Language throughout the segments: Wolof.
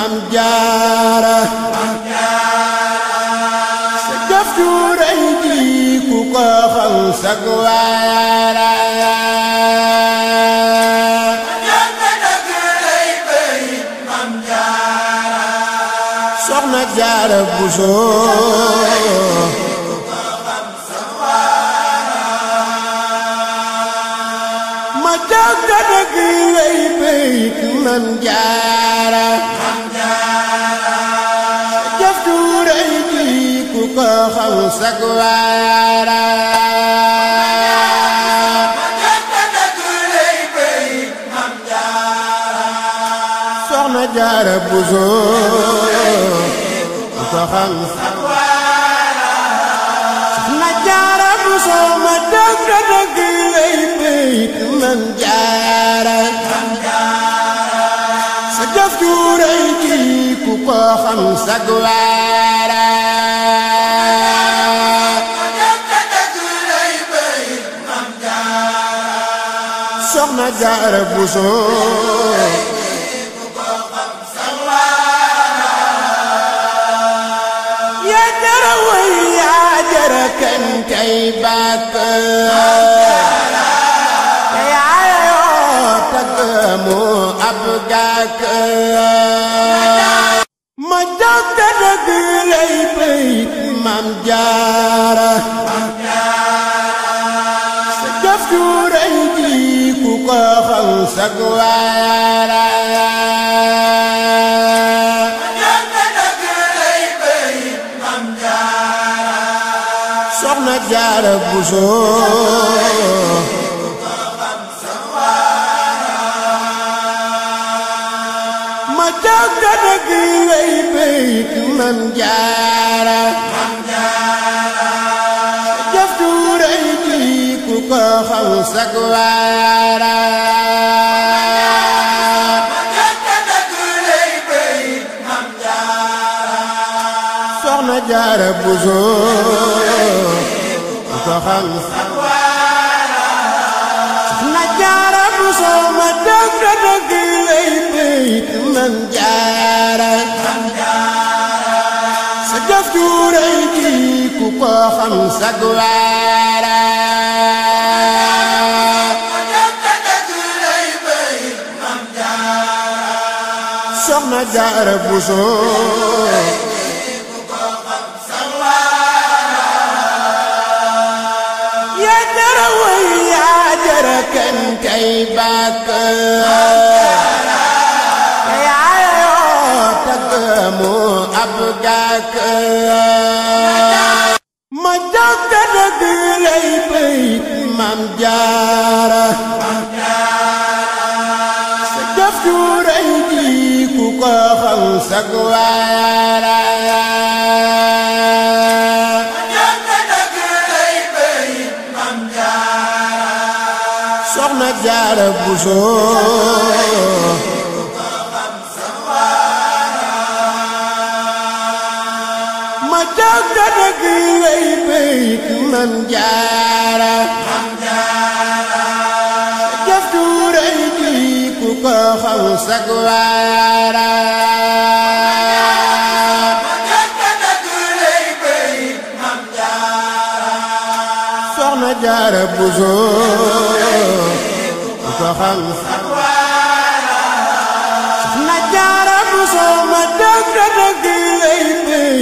maam jaara sa jëf ju rëy ji ku ko xam sag waara soxna jaara bu soo ma jàng dëgg lay béy man jaara ko xaw sag waara soxna jaara buso ko xam sag waara soxna jaara buso ma dëgg dëgg lay bayit man jaara sa jëf ju rëy ki ku ko xam sag waara سجر يا دروي يا درك انت ابقاك بيت ko xaw sag waaraay soxna jaara busoo ma jàgg dëgg lay béy man jaara ko xaw sak waaraam soxna jaara buso ko xaw sak waaraam soxna jaara buso ma dëgg dëgg lay béy man jaara sa jëf ju rëy kii ku ko xam sak waaraam يا دار سدار بوسو كان كيبك يا عيوتك مو أبقاك مجدت لدي بيت ممجارة سجفت có không sắc hoa soxna jaara buso ma jàgga dëgg lay ra man jaara faw sag waaraam ma jakkata du ley bay mam jaaraam soxna jaara buso ku ko xam sag waaraam na jaara buso ma jakkata du ley bay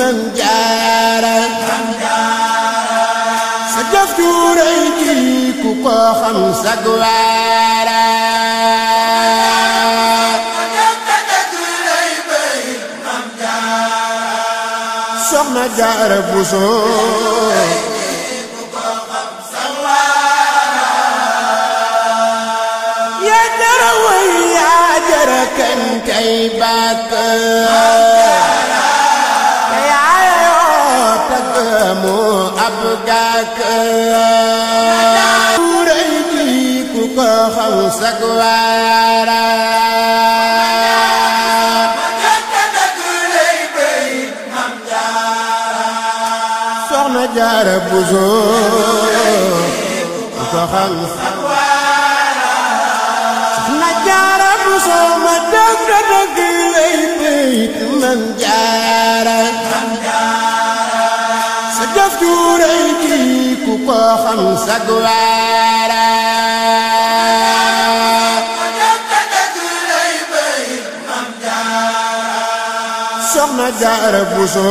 mam jaaraam sa jaf du rey ji ku ko xam sag waaraam احمد يعرف وصول يا دروي يا درك انت يبقى يا عيوتك مو ابقاك يا دروي كوكا خمسك وعرف soxna jaara buso ku ko xam soxna jaara buso ma dëgg dëgg lay béyit man jaara sa jëf ju rëy kii ku ko xam sag waara soxna jaara buso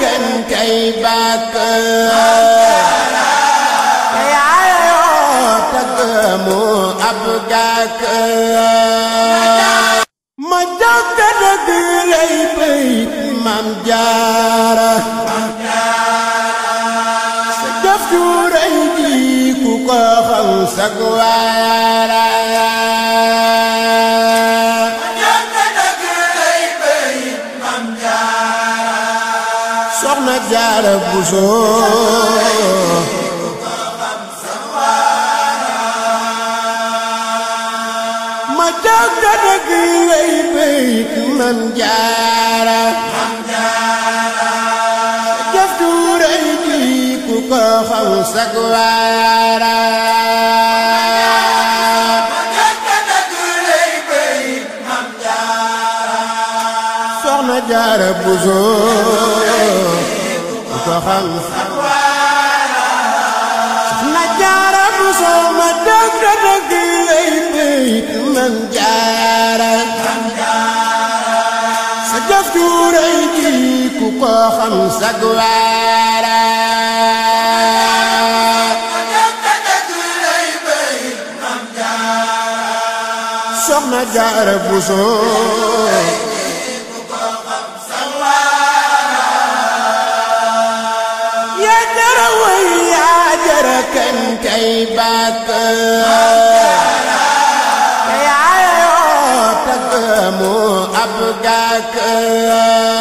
cành cây ba cơ cây ai ô ta cơ mùa ấp ga cơ mà cháu ta đã đưa lấy bầy mầm già Hãy subscribe cho kênh Ghiền Mì Gõ Để không bỏ lỡ những soxna jaara buso ma jànga nag lay bayt man jaara jëf ju rëy ji ku ko xam sag waara soxna jaara buso ko xam na soo ma dëgg lay béyit man jaara sa jëf ju rëy ji ku ko xam sag waara soo مو اب گاک